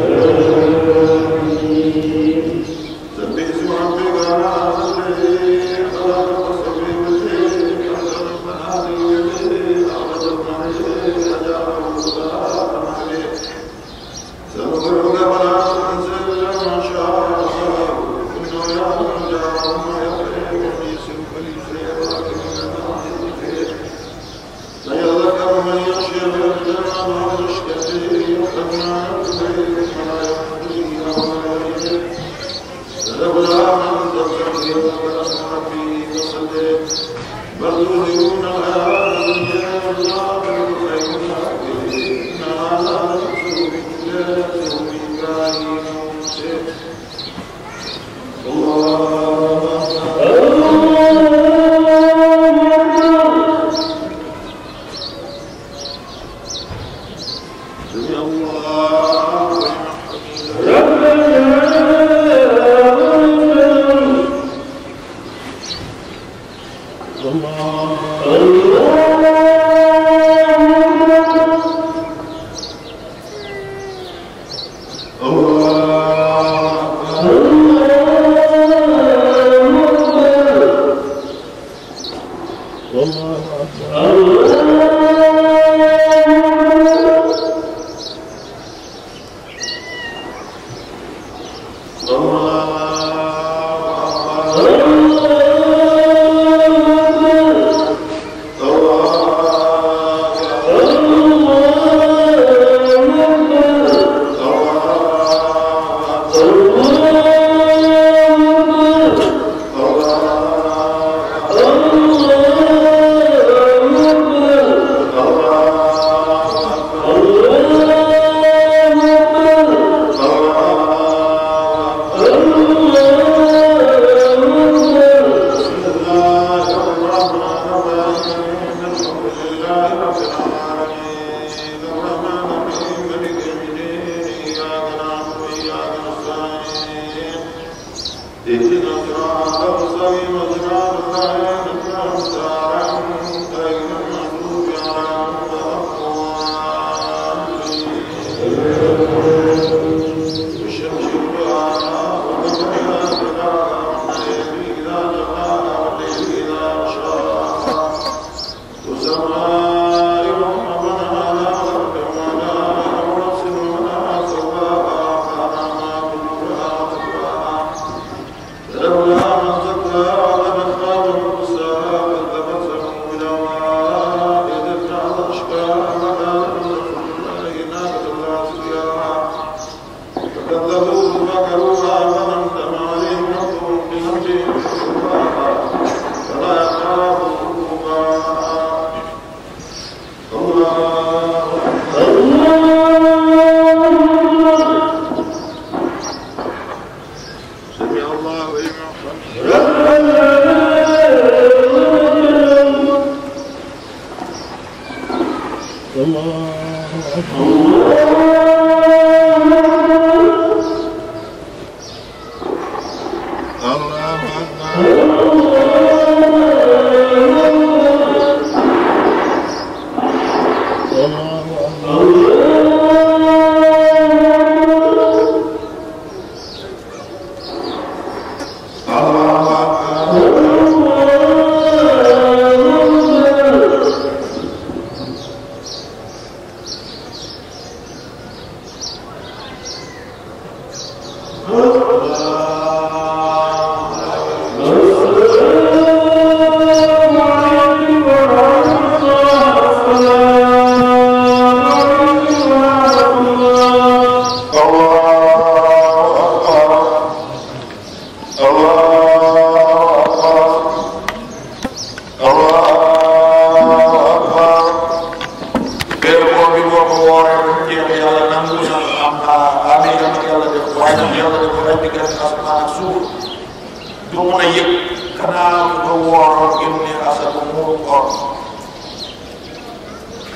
Amen. すいません。Allah. Shri Shri Shri Shri Shri Shri Shri Shri Shri Shri Shri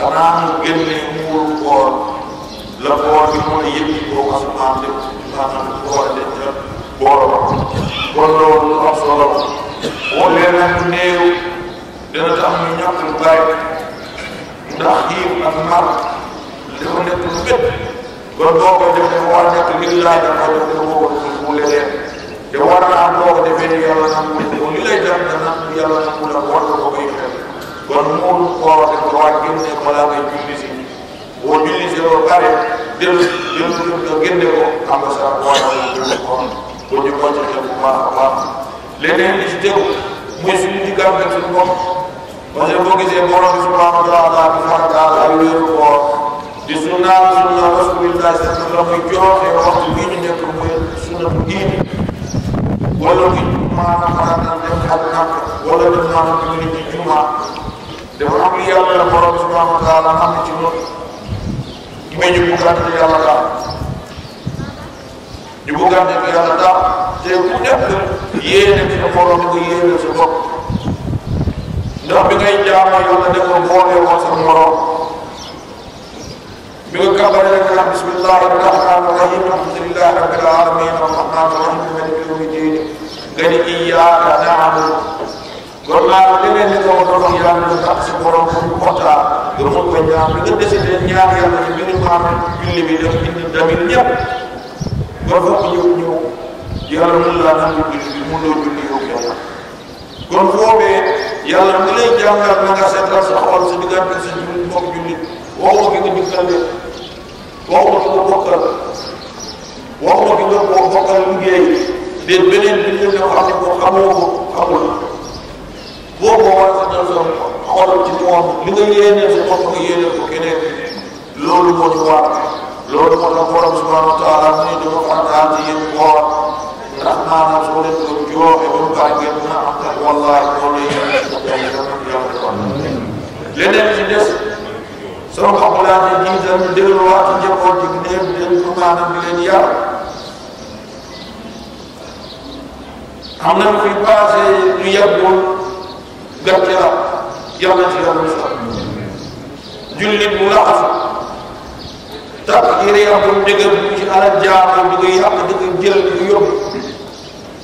xanaa mu génne muuru koor la koor bi mooy yëpp ko asamaan lépp maanaam ko war a denc booro kon loolu lu am solo boo leen nag néew dina tax ñu ñàkk lu bàyyi ndax xiif ak mar dafa nekk lu bët ba doo ko def dafa war a nekk ngir laaj dafa def dafa woor dañ ko waaj génne ko balaa ngay julli si boo julli si loolu pare dellu si dellu si nga génne ko am nga sa wàll bu kon bu ñu continué bu baax a baax leneen li ci tegu muy suñu diggante ak suñu bopp parce que boo gisee borom bi subhanahu wa taala di farataal ay wéeru koor di sunnaal sunna rasulillah sallallahu alayhi wa sallam joxe waxtu bii ñu nekk muy sunna bu diini wala gi maanaam maanaam def ak nàkk wala def maanaam ñu ci jumaa bi yàlla la borom subhanahu wa taala am na ci loolu ñu may ñu bëgg gàtt bi yàlla daal ñu bëgg gàtt bi yàlla daal te ku nekk yéene ci borom nga yéene sa bopp ndax bi ngay jaamoo yàlla def ko boole woon sa morom bi nga kàbbalee rek nga bismillahi rahmani rahim alhamdulillahi rabbil alamin arrahmani arrahim maliki yawmi ddin nga ni iyyaka na'budu loolu laa ko leneen li nga ko doon wax yàlla na tax si borom pour mu xottaa nga xot ko ñaar bi nga desi leen ñaar yàlla ci bi ñu xaar julli bi def indi damit ñëpp nga fokk ñëw ñëw yàlla mun laa nangu julli bi mun loo julli yow yàlla kon boobee yàlla mi lay jàngal na nga seetal sa xol sa diggante sa julli foog julli waxoo gi nga diggante waxoo gi nga bokkal waxoo gi nga bokkal liggéey déet beneen bi ñu ne xam ko xamoo bi nga yéenee sa bopp nga yéenee ko keneen loolu moo ñu war loolu moo tax borom subhanahu wa taala mu ne dama kontaan ci yéen koor ndax maanaam soo leen ko jooxe ba mu baax ngeen mën a am tax wallahi moo lay leneen ci des soo ko xalaatee jiital delluwaat ci njaboot yi néew leen ko maanaam di leen yar xam na fi passé ñu yàggul gàcce la yow na ci yoonu sax jullit mu laxas tax yére am bu dëgër bu ci alal jaar di ko yàq di ko jël di ko yóbbu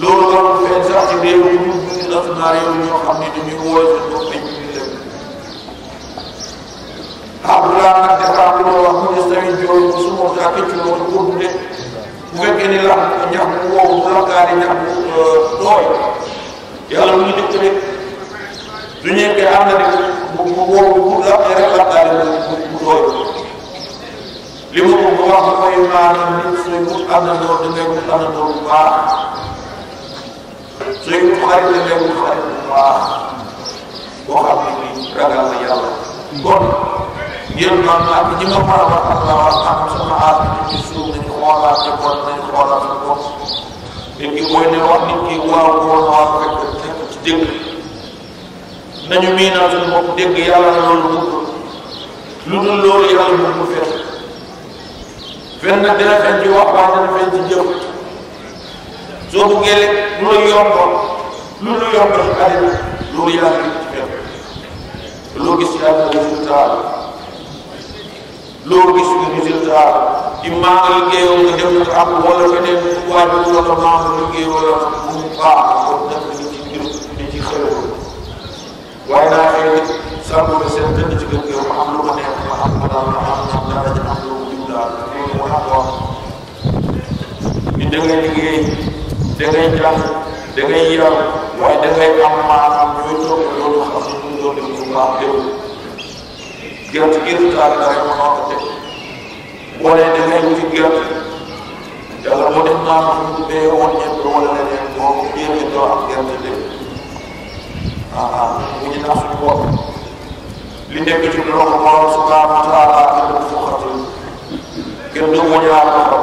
loolu warul fenn sax ci réew mi ñu dund ndax naar yow ñoo xam ne dañuy wóor seen bopp ay jullit lañ Abdoulaye nag dafa am loo wax mu des tamit jooy ko su ma saa këcc loolu ko dunde bu fekkee ne lax ñax mu wow mu lakkaari ñax mu nooy yàlla mu ñu dëkk rek lu ñuy kay am na bu bu la ay rek la daal bu bu doy li ma ko bu wax mooy maanaam nit suy wut am na loolu bu baax suy wut xarit da ngay wut bu baax boo xam ne nii ragal na yàlla kon ngir man ak ñi ma mën a wax ak la xoolaat te bon nañu ki mooy ne wax nit ki waaw woon wax rek nekk ci dégg nañu miinaa suñu bopp yàlla na loolu lu dul loolu yàlla moom mu fen fen nag dina fen ci wax waaye dina soo buggee lekk lu la yomboon lu la yomboon ci loolu yàlla ngi ci fen loo gis yàlla résultat loo gis ñu résultat waaye daa xëy na sàmm bi seen dëkk ci gën yow ma am lu ma neex ma am ma daal ma am am dara ci am lu mu jub daal da ngay liggéey da da ngay yaram waaye da ngay am maanaam ñooy ne ñu doon def lu baax déw gerte gerte daal daal ma wax ko teg boo da ngay wuti gerte yàlla moo def maanaam ñu bee woon ñebe wala leneen boo waaw ñu ngi nax suñu bopp li nekk ci loxo borom subhanahu wa taala ëllëg fu xatul gën ñu ko ñaar ko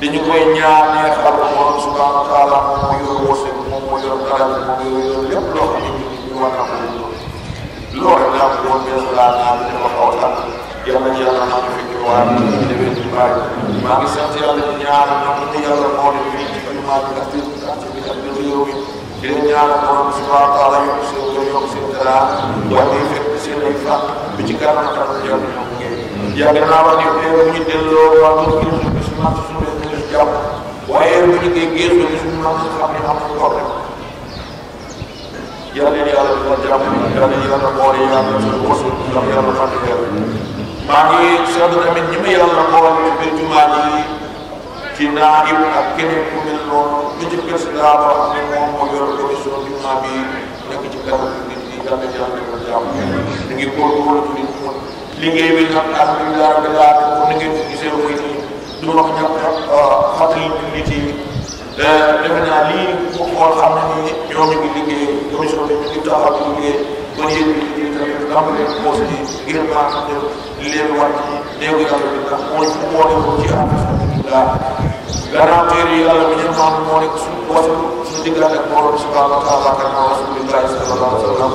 dañu koy ñaar neexal borom subhanahu yàgg naa wax ne réew mi ñu delloo waa mu ci ñu ci man su ñu ñu jàpp waaye bu ñu koy gëstu ci ñu man su xam ne am problème yàlla ni yàlla dina jàpp yàlla ni yàlla boole yàlla su wasu ndax yàlla fàtte yàlla maa ngi seetlu tamit ñi ma ci ci ak mel ñu ci yor bi ci ngi liggéey bi xam alhamdulillah rabbil alamin ko ni ngeen ko gisee muy nii du wax ñëpp xotali euh, jullit yi euh, defe naa lii mu xool xam na ni ñoo ngi liggéey commission bi ñu taxaw di liggéey ba yéen bi liggéey tamit xam leen poos ni ngir maa xam ne leen wàcc néew yàlla bi ndax mooy fu mu wane ko ci alhamdulillah gannaaw téere yàlla bi ñu xam moo nekk suñu poos suñu diggante ak borom subhanahu wa taala ak rasulillah sallallahu wa sallam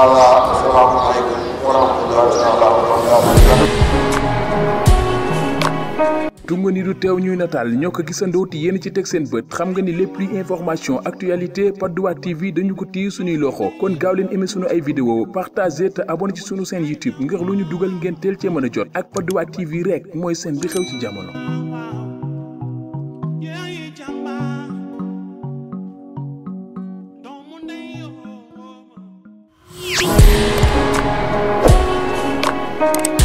ala asalaamaaleykum tunga ni du teew ñuy nataal ñoo ko gisandooti yéen ci teg seen bët xam nga ni lépp luy information actualité Patte d'Oie TV dañu ko téye suñuy loxo kon gaaw leen sunu ay vidéo partagé te abonné ci sunu seen YouTube ngir lu ñu dugal ngeen teel cee mën jot ak Patte d'Oie TV rek mooy seen bi xew ci jamono Thank you.